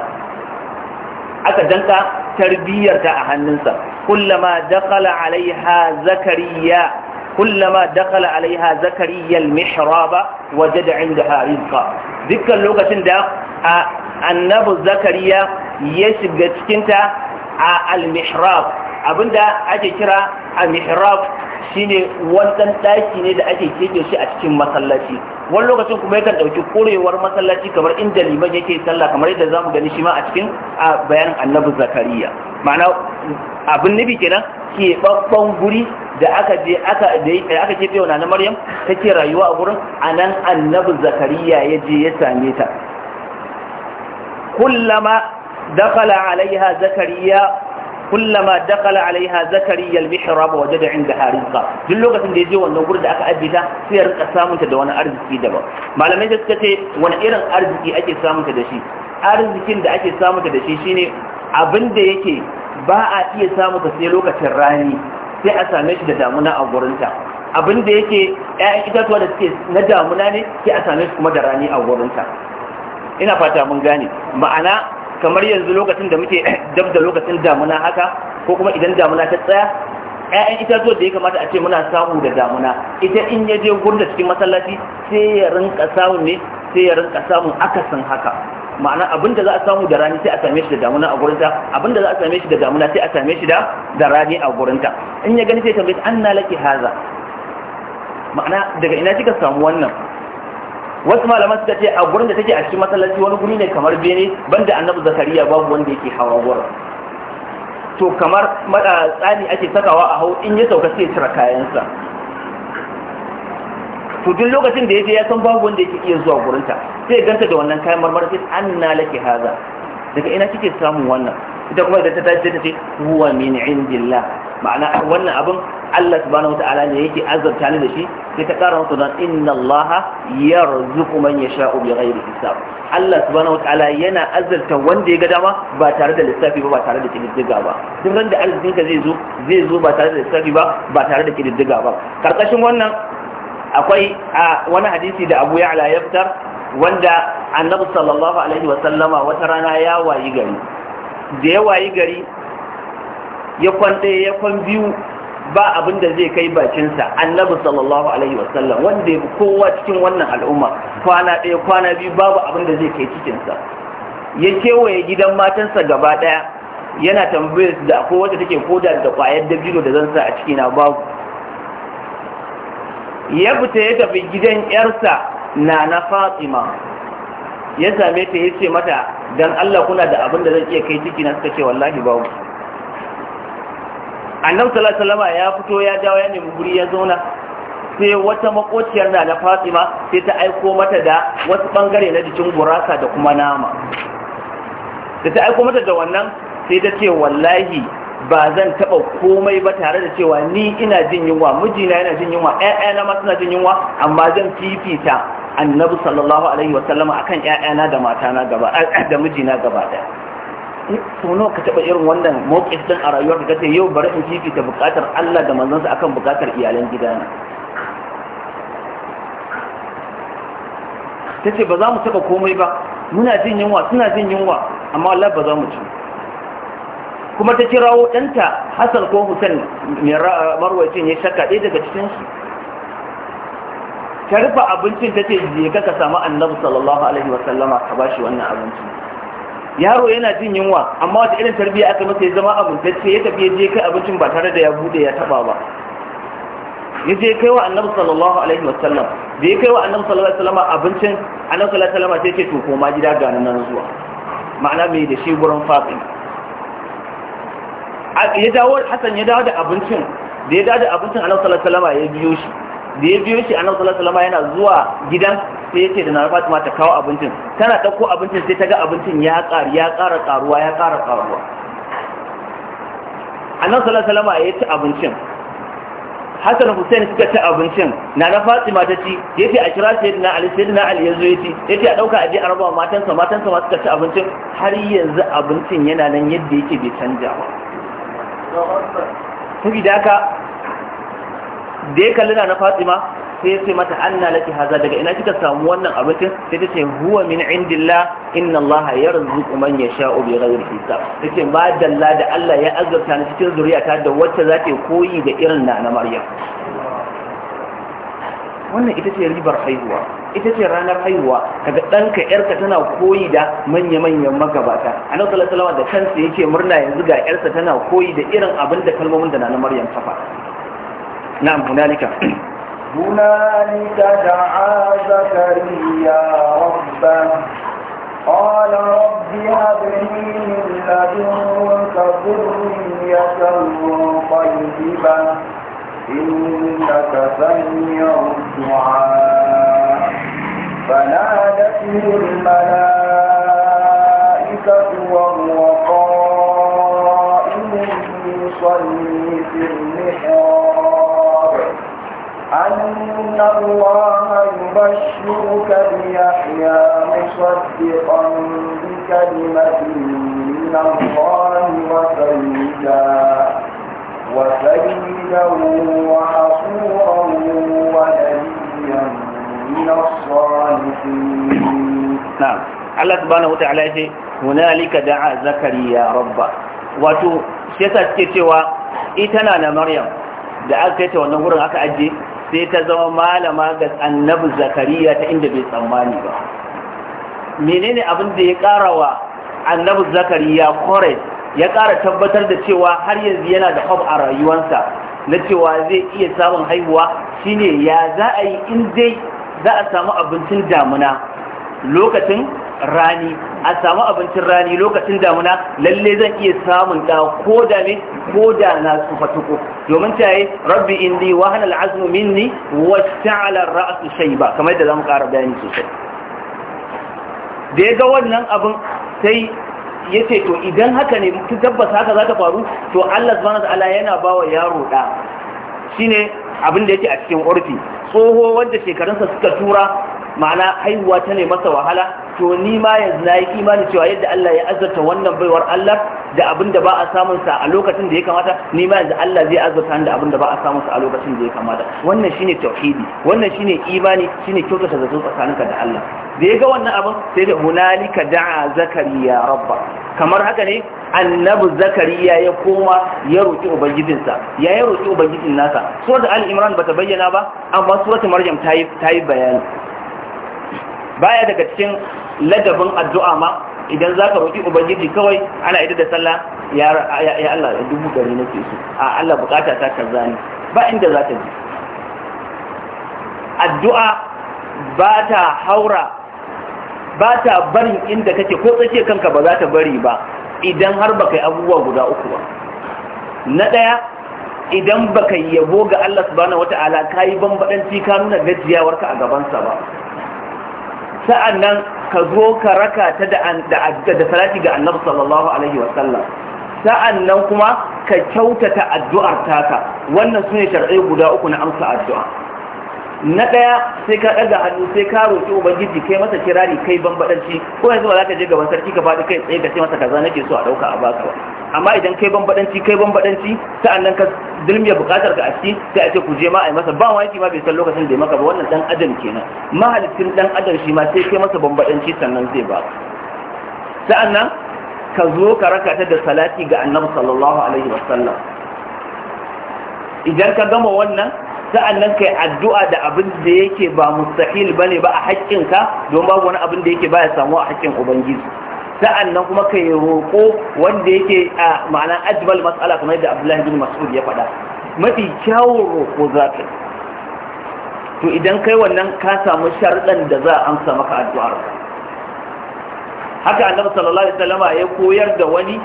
Speaker 1: aka danka tarbiyyarta a hannunsa kullama dakala alaiha zakariya kullama dakala alaiha zakariya al-mihraba wajada indaha rizqa lokacin da annabi zakariya ya shiga cikin ta a almihrab abinda ake kira a mihrab shine wannan ɗaki ne da ake kebe shi a cikin masallaci wani lokacin kuma yakan ɗauki korewar masallaci kamar inda liman yake sallah kamar yadda zamu gani shi ma a cikin bayanin annabi zakariya ma'ana abin nabi kenan ke babban guri da aka je aka da aka kebe na maryam take rayuwa a gurin anan annabi zakariya ya je ya same ta kullama dakala alaiha zakariya kullama dakala alaiha zakariya al-mihrab wajada indaha rizqa duk lokacin da yaje wannan gurin da aka addita sai ya rika samunta da wani arziki daban malamai da suka ce wani irin arziki ake samunta da shi arzikin da ake samunta da shi shine abin da yake ba a iya ta sai lokacin rani sai a same shi da damuna a gurinta abin da yake ƴaƴan itatuwa da suke na damuna ne sai a same shi kuma da rani a gurinta ina fata mun gane ma'ana kamar yanzu lokacin da muke dab da lokacin damuna haka ko kuma idan damuna ta tsaya ƴaƴan itatuwa da ya kamata a ce muna samu da damuna ita in ya je gurda cikin masallaci sai ya rinka samun ne sai ya rinka samun akasin haka ma'ana abin da za a samu da rani sai a same shi da damuna a gurinta abin da za a same shi da damuna sai a same shi da rani a gurinta in ya gani sai tambaye na laki haza ma'ana daga ina kika samu wannan wasu malaman suka ce a gurin da take a cikin masallaci wani guri ne kamar bene banda annabi zakariya babu wanda yake hawa gurin to kamar mada tsani ake sakawa a hau in ya sauka sai cire kayansa to duk lokacin da ya je ya san babu wanda yake iya zuwa gurinta sai ganta da wannan kayan marmara sai anna laki haza daga ina kike samu wannan ita kuma da ta tashi ta ce huwa min indillah ma'ana wannan abin Allah subhanahu wata'ala ne yake azabta ni da shi sai ta ƙara musu don inna Allah yarzuqu man yasha'u bi ghairi hisab Allah subhanahu wata'ala yana azalta wanda ya ga dama ba tare da lissafi ba ba tare da kididdiga ba duk ran da arzikinka zai zo zai zo ba tare da lissafi ba ba tare da kididdiga ba karkashin wannan akwai wani hadisi da Abu Ya'la ya fitar wanda Annabi sallallahu alaihi wa sallama wata rana ya wayi gari da ya wayi gari ya kwan ɗaya ya kwan biyu ba abin da zai kai bakinsa annabi sallallahu alaihi wasallam wanda ya kowa cikin wannan al'umma kwana ɗaya kwana biyu babu abin da zai kai cikinsa ya kewaye gidan matansa gaba ɗaya yana tambayar da akwai wata take koda da kwayar dabino da zan sa a cikina babu ya fita ya tafi gidan yarsa na na fatima ya same ta ya ce mata dan allah kuna da abin da zan iya kai ciki cikina suka ce wallahi babu annabi sallallahu alaihi wasallam ya fito ya dawo ya nemi guri ya zauna sai wata makociyar da na Fatima sai ta aiko mata da wasu bangare na jikin gurasa da kuma nama da ta aiko mata da wannan sai ta ce wallahi ba zan taba komai ba tare da cewa ni ina jin yunwa mijina yana jin yunwa ƴaƴana ma suna jin yunwa amma zan fifita annabi sallallahu alaihi wasallam akan ƴaƴana da matana gaba da mijina gaba daya suno ka taɓa irin wannan mawqif a rayuwar ka yau bari in ta buƙatar Allah da manzansa akan bukatar iyalan gidana ta ce ba za mu taɓa komai ba muna jin yunwa suna jin yunwa amma Allah ba za mu ci kuma ta kirawo ɗanta hassan ko hussein mai marwacin ya shaka ɗaya daga cikinsu ta rufe abincin ta ce je ka samu annabi sallallahu alaihi wasallama ka bashi wannan abincin yaro yana jin yunwa amma wata irin tarbiyya aka masa ya zama abuntacce ya tafi je kai abincin ba tare da ya bude ya taba ba ya je kai wa annabi sallallahu alaihi wasallam da ya kai wa annabi sallallahu alaihi wasallam abincin annabi sallallahu alaihi wasallam sai ce to koma gida ga nan zuwa ma'ana mai da shi gurin fatima ya dawo hasan ya dawo da abincin da ya dawo da abincin annabi sallallahu alaihi wasallam ya biyo shi da ya biyo shi annabi sallallahu alaihi wasallam yana zuwa gidan sai yace da na Fatima ta kawo abincin tana dauko abincin sai ta ga abincin ya ƙara ya ƙara ƙaruwa ya ƙara ƙaruwa annabi sallallahu alaihi wasallam ya ci abincin Hassan Hussein suka ci abincin na na Fatima ta ci yace a kira sayyidina Ali sayyidina Ali yazo ya ci yace a dauka aje araba raba matansa matansa ma suka ci abincin har yanzu abincin yana nan yadda yake bai canja ba saboda haka da ya kalli na fatima sai sai mata anna laki haza daga ina kika samu wannan abincin sai ta ce huwa min indillah inna Allah yarzuqu man yasha'u bi ghairi hisab tace ba dalla da Allah ya azurta ni cikin zuriyata da wacce za ta koyi da irin na na Maryam wannan ita ce ribar haihuwa ita ce ranar haihuwa kaga danka yarka tana koyi da manya-manyan magabata annabi sallallahu alaihi wasallam da kansa yake murna yanzu ga yarsa tana koyi da irin abinda da kalmomin da na Maryam ta faɗa نعم هنالك
Speaker 2: هنالك دعا زكريا ربه قال رب هب لي من لدنك ذرية طيبة إنك سميع الدعاء فنادته الملائكة وهو أن الله يبشرك بيحيى مصدقا بكلمة من الله وسيدا وسيدا وحصورا
Speaker 1: ونبيا من الصالحين نعم Allah subhanahu wata'ala ya ce hunalika da'a zakariya rabba wato shi yasa cewa ita na da maryam da aka kai ta wannan wurin aka ajiye sai ta zama malama ga annabi zakariya ta inda bai tsammani ba menene abin da ya ƙara wa annabi zakariya kore ya kara tabbatar da cewa har yanzu yana da hab a rayuwarsa na cewa zai iya samun haihuwa shine ya za a yi in dai za a samu abincin damuna lokacin rani a samu abincin rani lokacin damuna lalle zan iya samun da ko da ne ko da na tsufa tuko domin ta rabbi indi wa hana al'azmu minni wa ta'ala ra'su shayba kamar da zamu ƙara bayani sosai da ya ga wannan abin sai ya ce to idan haka ne ki tabbata haka za ta faru to Allah subhanahu ta'ala yana bawa yaro da shine abin da yake a cikin urfi tsoho wanda shekarunsa suka tura ma'ana haihuwa ta ne masa wahala to ni ma yanzu na yi imani cewa yadda Allah ya azurta wannan baiwar Allah da abin da ba a samun sa a lokacin da ya kamata ni ma yanzu Allah zai azurta da abin da ba a samun sa a lokacin da ya kamata wannan shine tauhidi wannan shine imani shine kyautata zato tsakaninka da Allah da ya ga wannan abin sai da hunalika da'a zakariya rabba kamar haka ne annabi zakariya ya koma ya roƙi ubangijinsa ya ya roƙi ubangijin nasa suratul al-imran bata bayyana ba amma surat maryam ta yi bayani baya daga cikin ladabin addu'a ma idan za ka roƙi ubangiji kawai ana idar da sallah ya Allah ya dubu gari na ke su a Allah bukata ta ta zani, ba inda za ta ji addu'a ba ta haura ba ta barin inda kake ko tsake kanka ba za ta bari ba idan har ba kai abubuwa guda uku ba na ɗaya idan ba kai yabo ga Allah subhanahu wata'ala ka yi bambaɗanci ka nuna gajiyawarka a gabansa ba sa'annan ka zo ka raka ta da salati ga annabi sallallahu alaihi wasallam sa'annan kuma ka kyautata addu'ar taka wannan su ne shar'ai guda uku na amsa addu'a na ɗaya sai ka ɗaga hannu sai ka roƙi ubangiji kai masa kirari kai bambaɗanci ko yanzu ba za ka je gaban sarki ka faɗi kai tsaye ka ce masa kaza nake so a ɗauka a baka ba amma idan kai bambaɗanci kai bambaɗanci sa'annan ka dulmiya bukatar ka a ciki sai a ce ku je ma a yi masa ba waki ma bai san lokacin da ya maka ba wannan dan adam kenan mahalicin dan adam shi ma sai kai masa bambadanci sannan zai ba sa'annan ka zo ka raka ta da salati ga annabi sallallahu alaihi wasallam idan ka gama wannan sa'annan kai addu'a da abin da yake ba mustahil bane ba a haƙƙinka don babu wani abin da yake ba ya samu a haƙƙin ubangiji sa'annan kuma ka yi roƙo wanda yake a ma'ana ajmal mas'ala kamar yadda Abdullahi bin Mas'ud ya faɗa mafi kyawun roƙo za ka to idan kai wannan ka samu sharɗan da za a amsa maka addu'ar haka annabi sallallahu alaihi wasallama ya koyar da wani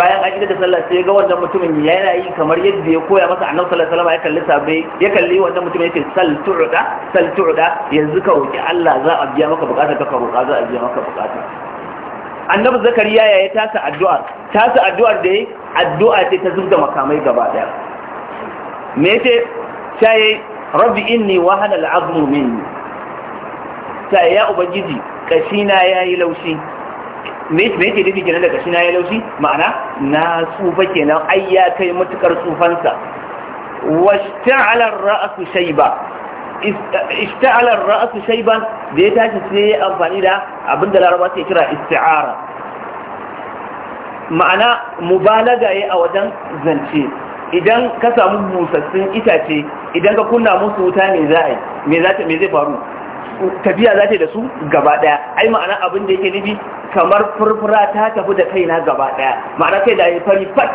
Speaker 1: bayan an da sallah sai ga wannan mutumin yana yi kamar yadda ya koya masa annabi sallallahu alaihi wasallam ya kalli sabe ya kalli wannan mutumin yake sal tu'da sal tu'da yanzu ka roki Allah za a biya maka bukata ka roka za a biya maka bukata annabi zakariya ya yi tasa addu'ar tasa addu'ar da ya addu'a ce ta zubda makamai gaba daya me ce ta yi rabbi inni wa al'azmu minni ta ya ubangiji kashina ya yi laushi me yake nufi kenan da kashina ya yi laushi ma'ana na tsufa kenan ai ya kai matukar tsufansa washta'ala ra'asu shaiba ista'alar ra'asu shaiban da ya tashi sai ya amfani da abinda laraba ke kira isti'ara ma'ana mubalaga ya a wajen zance idan ka samu busassun itace idan ka kunna musu wuta ne za a yi me zai faru tafiya za ta da su gaba daya ai ma'ana abin da yake nufi kamar furfura ta tafi da kaina gaba daya ma'ana kai da ya fari fat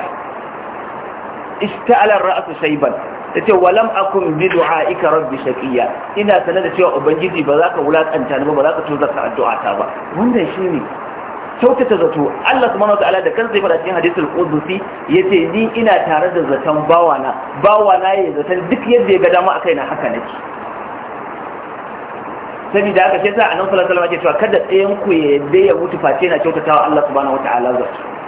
Speaker 1: ista'alar ra'asu shaiban ta ce walam akun bi ika rabbi shaqiya ina sanar da cewa ubangiji ba za ka wulakanta ni ba ba za ka tozar ka addu'a ta ba wannan shine kyautata zato Allah subhanahu wataala da kansa ya faɗa cikin hadisul qudusi yace ni ina tare da zaton bawana bawana ya zaton duk yadda ya ga dama akai na haka nake da aka ce yasa annabi sallallahu alaihi wasallam ya ce kada tsayen ku ya yadda ya mutu face na kyautatawa Allah subhanahu wataala zato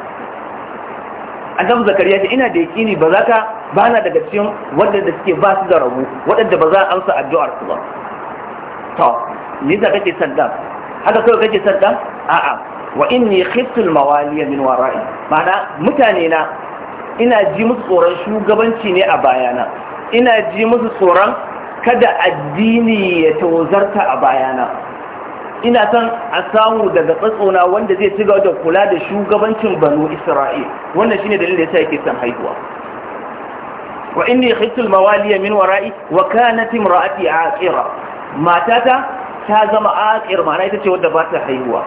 Speaker 1: annabi zakariya ce ina da yakini ba za ka ba na daga cikin waɗanda suke ba su da rabu waɗanda ba za a amsa addu'ar su ba to ni za kake son dan haka kawai kake son dan a'a wa inni khiftu al-mawaliya min wara'i ma'ana mutane na ina ji musu tsoron shugabanci ne a bayana ina ji musu tsoron kada addini ya tawazarta a bayana ina son a samu daga tsatsona wanda zai ci gaba da kula da shugabancin banu isra'il wannan shine dalilin da yasa yake son haihuwa wa inni khiftu al-mawaliya min wara'i wa kanat imra'ati aqira matata ta zama aqir ma'ana ita ce wadda ba ta haihuwa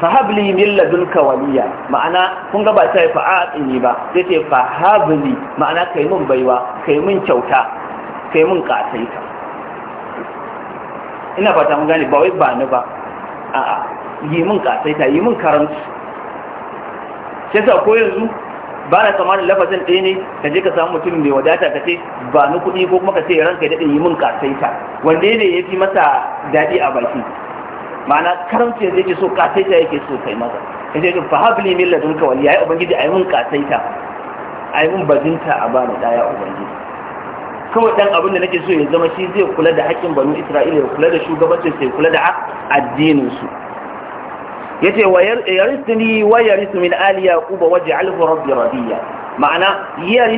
Speaker 1: fahabli min ladunka waliya ma'ana kun ga ba ta yi fa'aqini ba sai ce fahabli ma'ana kai mun baiwa kai mun kyauta kai mun kasaita ina fata mun gane ba wai ba ni ba a'a yi min ta yi mun karantu sai sa ko yanzu ba na tsammanin lafazin ɗaya ne ka je ka samu mutum mai wadata ka ce ba ni kuɗi ko kuma ka ce ranka daɗin yi min ta wanda ne ya fi masa daɗi a baki ma'ana karantu yanzu yake so ta yake so kai masa ka ce fa habli min ladunka waliya ya ubangiji a yi min kasaita a yi mun bajinta a bani ɗaya ubangiji kawai dan abin da nake so ya zama shi zai kula da haƙƙin banu isra'ila ya kula da shugabancin sai kula da addinin su yace wa yarisuni min ali yaqub waj'alhu rabbi radiya ma'ana ya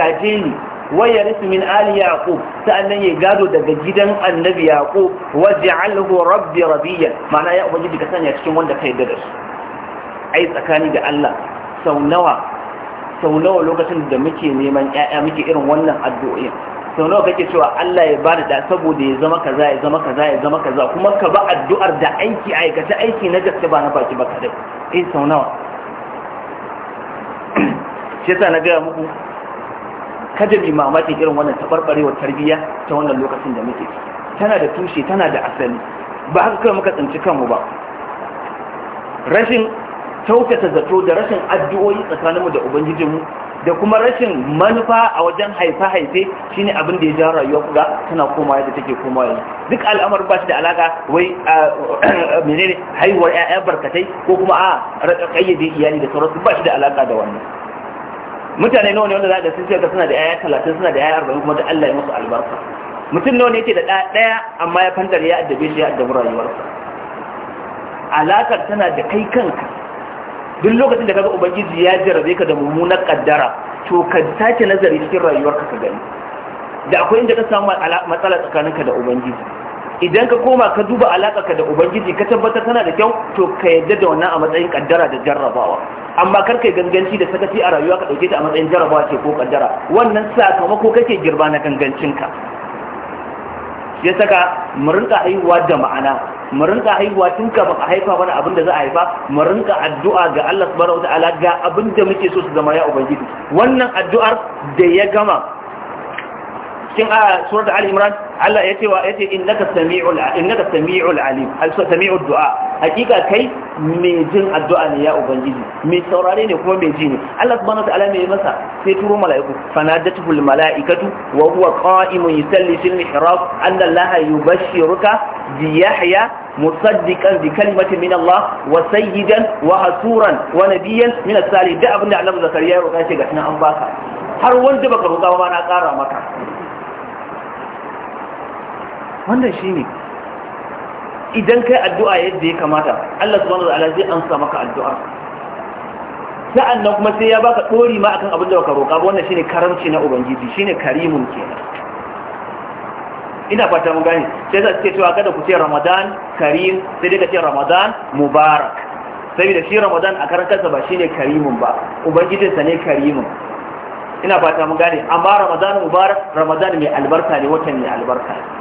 Speaker 1: gaje ni wa yarisu min ali yaqub ya gado daga gidan annabi yaqub waj'alhu rabbi radiya ma'ana ya ubangiji ka sanya cikin wanda ka yarda da su ai tsakani da Allah sau nawa sau nawa lokacin da muke neman ƴaƴa muke irin wannan addu'o'in sau nawa kake cewa Allah ya bada da saboda ya zama kaza ya zama kaza ya zama kaza kuma ka ba addu'ar da aiki aikata aiki na gaske ba na baki ba kadai eh sau nawa shi yasa na gaya muku kada bi mamakin irin wannan tabarbarewar tarbiyya ta wannan lokacin da muke tana da tushe tana da asali ba haka kai muka tsinci kanmu ba rashin kyautata zato da rashin addu'o'i tsakaninmu da ubangijinmu da kuma rashin manufa a wajen haife-haife shi ne abin da ya ja rayuwa kuga tana koma yadda take koma yanzu duk al'amar ba shi da alaka wai menene haihuwar 'ya'ya barkatai ko kuma a kayyade iyali da sauransu ba shi da alaka da wannan mutane nawa ne wanda za ga sun ce suna da 'ya'ya talatin suna da 'ya'ya arba'in kuma da Allah ya musu albarka mutum nawa ne yake da ɗaya amma ya fantar ya addabe shi ya addabi rayuwarsa alakar tana da kai kanka duk lokacin da kaga ubangiji ya jarabe ka da mummunar kaddara to ka sake nazari cikin rayuwarka ka gani da akwai inda ka samu matsala tsakaninka da ubangiji idan ka koma ka duba ka da ubangiji ka tabbatar tana da kyau to ka yadda da wannan a matsayin kaddara da jarrabawa amma kar kai ganganci da sakaci a rayuwa ka dauke ta a matsayin jarrabawa ce ko kaddara wannan sakamako kake girba na gangancinka ya saka mu rinka haihuwa da ma'ana mu haihuwa tun ka baka haifa wani abin da za a haifa mu rinka addu'a ga Allah subhanahu ta'ala ga abin da muke so su zama ya ubangiji wannan addu'ar da ya gama cikin surat da alimran Allah ya ce wa ya ce innaka sami'ul innaka sami'ul du'a hakika kai mai jin addu'a ne ya ubangiji mai saurare ne kuma mai ji ne Allah subhanahu wa ta'ala mai masa sai turo mala'iku fanadatuhul mala'ikatu wa huwa qa'imun yusalli fil mihrab anna Allah yubashshiruka bi Yahya musaddiqan bi kalimati min Allah wa sayyidan wa hasuran wa nabiyyan min as da abinda Annabi Zakariya ya roƙa shi ga an baka har wanda baka roƙa ba na ƙara maka wannan shi ne idan kai addu'a yadda ya kamata Allah subhanahu wa ta'ala zai amsa maka addu'a sa'an nan kuma sai ya baka ɗori ma akan abin da baka roƙa ba wannan ne karamci na ubangiji ne karimun kenan ina fata mun gane sai za su ce cewa kada ku ce ramadan karim sai dai ka ce ramadan mubarak saboda shi ramadan a karan kansa ba shi ne karimun ba ubangijinsa ne karimun ina fata mun gane amma ramadan mubarak ramadan mai albarka ne watan mai albarka ne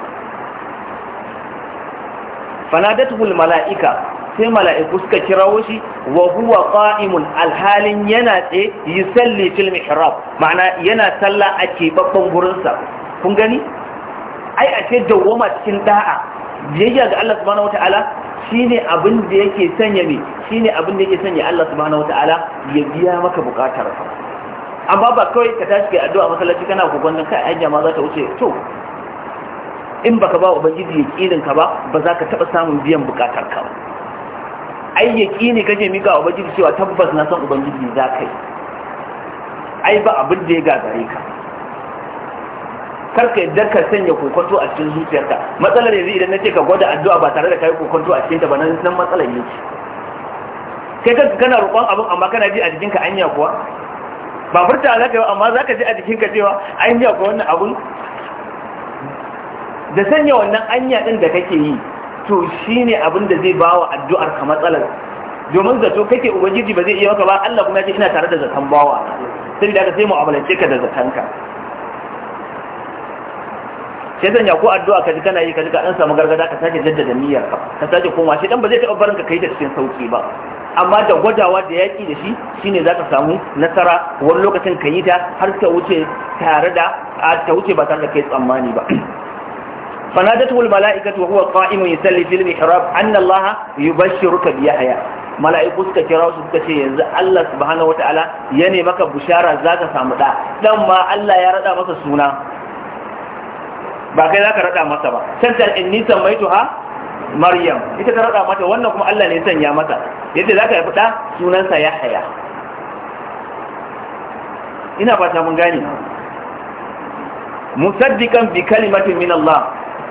Speaker 1: fanadatul mala'ika sai mala'iku suka kirawo shi wa huwa qa'imun alhalin yana yi yusalli fil mihrab ma'ana yana salla a keɓaɓɓen gurin kun gani ai a ce dawwama cikin da'a biyayya ga Allah subhanahu wataala shine abin da yake sanya me shine abin da yake sanya Allah subhanahu wataala ya biya maka bukatar amma ba kawai ka tashi kai addu'a masallaci kana kokon kai ai jama'a za ta wuce to in ba ka ba ubangiji yaqinin ka ba ba za ka taba samun biyan bukatar ka ba ai ya yaqini kaje mika ubangiji cewa tabbas na san ubangiji za kai ai ba abin da ya gagare ka karka yadda ka sanya kokonto a cikin zuciyarka matsalar yanzu idan na ce ka gwada addu'a ba tare da kai kokonto a cikin ta ba nan nan matsalar yake kai kanka kana roƙon abin amma kana ji a jikinka anya kuwa ba furta za ka yi amma za ka ji a jikinka cewa anya kuwa wannan abin da sanya wannan anya din da kake yi to shine abin da zai bawa addu'ar ka matsalar domin zato kake ubangiji ba zai iya maka ba Allah kuma ya ce ina tare da zaton bawa saboda ka sai mu'amalance ka da ka. sai zanya ko addu'a ka ji kana yi ka ji ka dan samu gargada ka sake jaddada niyyar ka ka sake koma shi dan ba zai taɓa barin ka kai ta cikin sauki ba amma da gwadawa da yaƙi da shi shine zaka samu nasara wani lokacin ka yi ta har ta wuce tare da ta wuce ba tare da kai tsammani ba فنادته الملائكة وهو قائم يسلي في المحراب أن الله يبشرك بيحيى mala'iku suka kira su suka ce yanzu Allah subhanahu wata'ala ya maka bushara za ka samu ɗa ɗan ma Allah ya raɗa masa suna ba kai za ka raɗa masa ba tantan in nisan mai tuha maryam ita ta raɗa mata wannan kuma Allah ne yadda za ka sunansa ya haya ina ba ta mun gane kalimatin min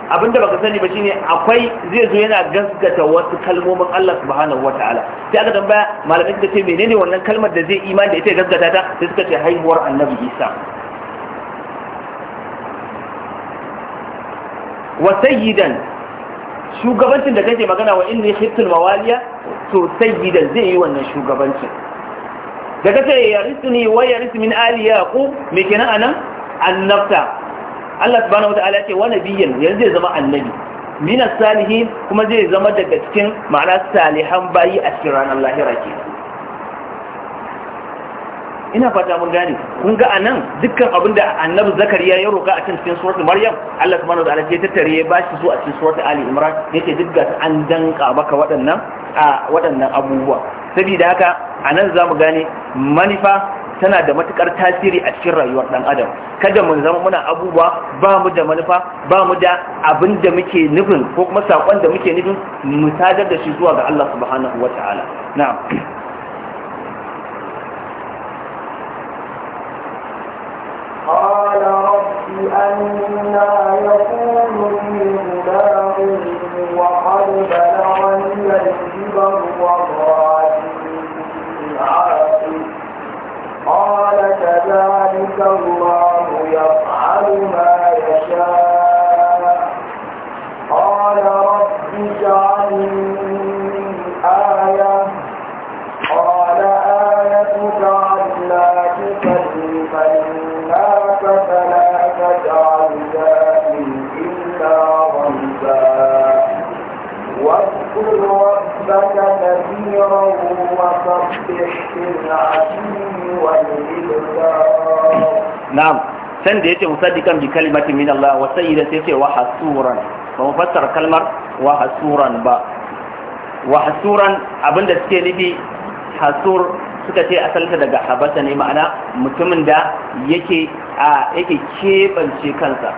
Speaker 1: Abin da baka sani ba shine akwai zai zo yana gaskata wasu kalmomin Allah subhanahu wataala sai aka tambaya malamai suka ce menene wannan kalmar da zai imani da ita ya gaskata ta sai suka ce haihuwar annabi Isa wa sayyidan shugabancin da kake magana wa inni khiftul mawaliya to sayyidan zai yi wannan shugabancin da kace ya risni wa ya risni min ali yaqub me kenan anan annabta Allah subhanahu wataala ce wani biyan yanzu zai zama annabi minas Salihi kuma zai zama daga cikin ma'ana salihan bayi a cikin ranar lahira ke ina fata mun gane kun ga anan dukkan abin da annabi zakariya ya roka a cikin suratul maryam Allah subhanahu ala ce ya tattare ya bashi su a cikin suratul ali imran yake dukkan an danka maka waɗannan a waɗannan abubuwa saboda haka anan zamu gane manifa. tana da matukar tasiri a cikin rayuwar dan adam kada mun zama muna abubuwa ba mu da manufa ba mu da abin da muke nufin ko kuma sakon da muke nufin mu sadar da shi zuwa ga Allah subhanahu wataala na'am
Speaker 2: قال رب أنا يكون لي غلام وقد بلغني الكبر wa عاقل قال كذلك الله يفعل ما يشاء قال رب اجعلني آية قال آيتك ألا تكلم الناس فلا تجعل ذات إلا غيبا واذكر ربك كثيرا
Speaker 1: نعم san da yace musaddiqan bi kalimati min Allah wa sayyidan sai wa hasuran ba mu fassara kalmar wa hasuran ba wa hasuran abinda suke nufi hasur suka ce asalta daga habasa ne ma'ana mutumin da yake a yake kebance kansa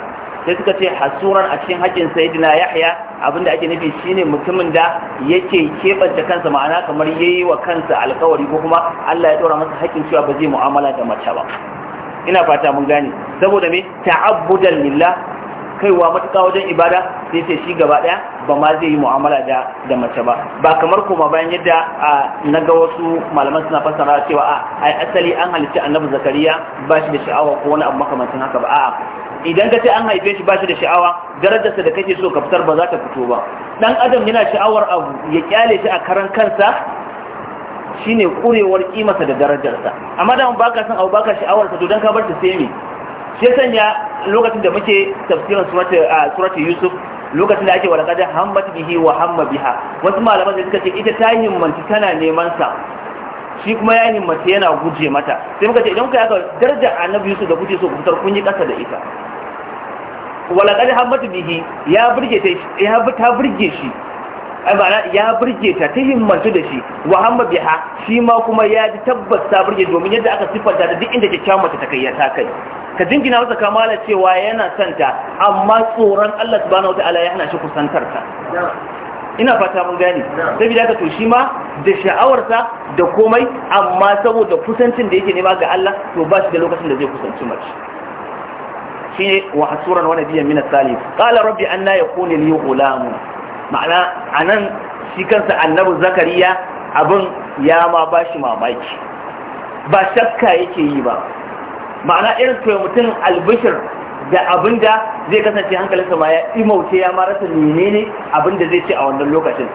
Speaker 1: sai suka ce hasuran a cikin haƙƙin sayyidina yahya abinda ake nufi shine mutumin da yake keɓanta kansa ma'ana kamar yayi wa kansa alƙawari ko kuma Allah ya dora masa haƙƙin cewa ba zai mu'amala da mace ba ina fata mun gane saboda me ta'abbudan lillah kaiwa matuƙa wajen ibada sai sai shi gaba ɗaya ba ma zai yi mu'amala da da mace ba ba kamar kuma bayan yadda na ga wasu malaman suna fassara cewa a ai asali an halitta annabi zakariya ba shi da sha'awa ko wani abu makamancin haka ba a'a idan ka ce an haife shi ba shi da sha'awa darajarsa da kake so ka fitar ba za ta fito ba dan adam yana sha'awar abu ya kyale shi a karan kansa shine kurewar kimarsa da darajarsa amma dan baka san abu baka sha'awarsa to dan ka bar ta sai me shi sanya lokacin da muke tafsirin suratu yusuf lokacin da ake walakada hammat bihi wa hamma biha wasu malaman da suka ce ita ta himmanci tana neman sa shi kuma ya himmanci yana guje mata sai muka ce idan kuka ga darajar annabi yusuf da kuke so ku fitar kun yi kasa da ita walakada hammat bihi ya burge ta ta burge shi ma'ana ya burge ta ta himmantu da shi wa hamma biha shi ma kuma ya ji tabbas ta burge domin yadda aka siffanta da duk inda kyakkyawan mace ta kai ya ta kai ka jingina masa kamala cewa yana santa amma tsoron Allah subhanahu wataala ya hana shi kusantar ta ina fata mun gane saboda haka to shi ma da sha'awarsa da komai amma saboda kusancin da yake nema ga Allah to ba shi da lokacin da zai kusanci mace shi wa hasuran wa nabiyyan min salih qala rabbi anna yakuna li ghulamun ma'ana a nan shi kansa annabi zakariya abin ya ma ba shi mamaki ba shakka yake yi ba ma'ana irin to mutum albishir da abin da zai kasance hankalinsa ma ya imauce ya ma rasa menene abin da zai ce a wannan lokacin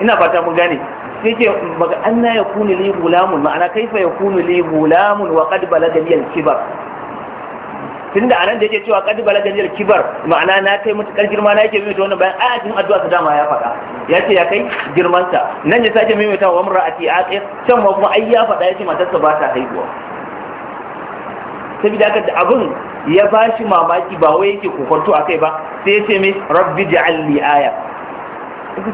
Speaker 1: ina fata mun gane sai maka anna yakunu li gulamun ma'ana kaifa yakunu li gulamun wa qad balaga li al-kibar da anan da yake cewa kadi bala jal kibar ma'ana na kai mutukar girma na yake mimita wannan bayan ayatin addu'a ta dama ya faɗa ya ce ya kai girman sa nan ya sake mimita wa a aqir can ma kuma ai ya faɗa matar matarsa ba ta haihuwa Sabida haka da abun ya bashi mamaki ba wai yake kokonto kai ba sai ya ce mai rabbi da aya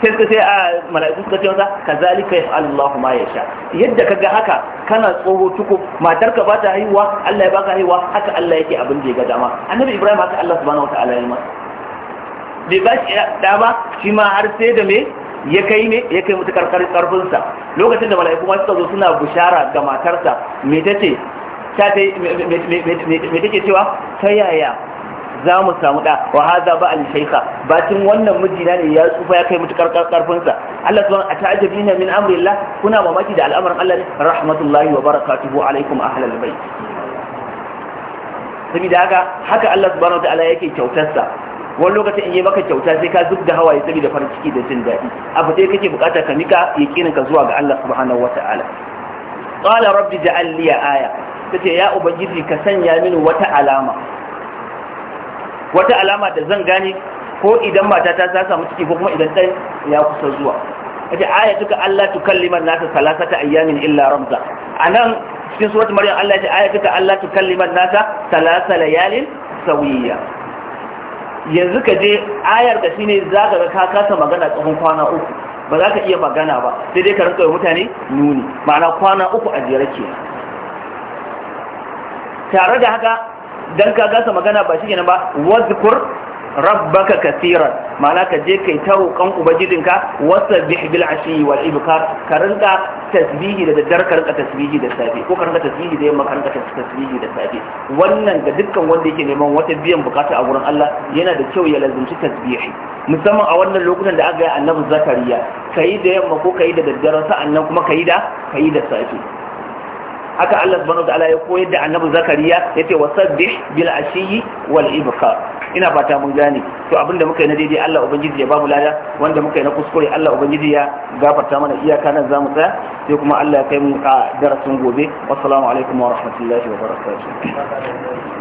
Speaker 1: sai suka sai a mala'iku suka ce masa kazalika yaf'alu Allah ma ya sha yadda ka ga haka kana tsoho tuku matarka ba ta haihuwa Allah ya baka haihuwa haka Allah yake abin da ya ga dama annabi Ibrahim haka Allah subhanahu wata ya ma. bai ba shi da ba shi ma har sai da me ya kai ne ya kai karkar karfin sa lokacin da mala'iku ma suka zo suna bushara ga matarsa me tace ta me take cewa ta yaya za mu samu ɗa wa hadha ba al shaykha bacin wannan mijina ne ya tsufa ya kai mutukar karfin sa Allah subhanahu ata'ajabina min amrillah kuna mamaki da al'amarin Allah ne rahmatullahi wa barakatuhu alaikum ahlal bait saboda haka haka Allah subhanahu yake kyautar sa wani lokacin in yi maka kyauta sai ka zub da hawaye saboda farin ciki da jin daɗi abu dai kake bukata ka mika yakinin ka zuwa ga Allah subhanahu wataala qala rabbi ja'al li aya tace ya ubangiji ka sanya mini wata alama wata alama da zan gane ko idan mata ta sa samu ciki ko kuma idan ɗan ya kusa zuwa kace aya tuka Allah tu tukalliman nasa salasata ayyamin illa ramza anan cikin suratul maryam Allah ya ce aya tuka Allah tukalliman nasa salasa layalin sawiya yanzu ka je ayar da shine zaka ga ka kasa magana tsawon kwana uku ba za ka iya magana ba sai dai ka rinka yi mutane nuni ma'ana kwana uku a jere ke tare da haka dan ka gasa magana ba shikenan ba wazkur rabbaka kaseeran ma'ana ka je kai ta roƙon ubajidinka wasa bil ashi wa ibkar ka rinka tasbihi da daddar ka rinka tasbihi da safe ko ka rinka tasbihi da yamma ka rinka tasbihi da safe wannan ga dukkan wanda yake neman wata biyan bukata a wurin Allah yana da kyau ya lazumci tasbihi musamman a wannan lokutan da aka yi annabi zakariya kai da yamma ko kai da daddare sa'annan kuma kai da kai da safe haka Allah subhanahu wataala ya koyar da annabi zakariya yace wasabbih bil ashiyi wal ibkar ina fata mun gane to abinda muka yi na daidai Allah ubangiji ya bamu lada wanda muka yi na kuskure Allah ubangiji ya gafarta mana iyaka nan zamu tsaya sai kuma Allah ya kai mu a darasin gobe wassalamu alaikum wa rahmatullahi wa barakatuh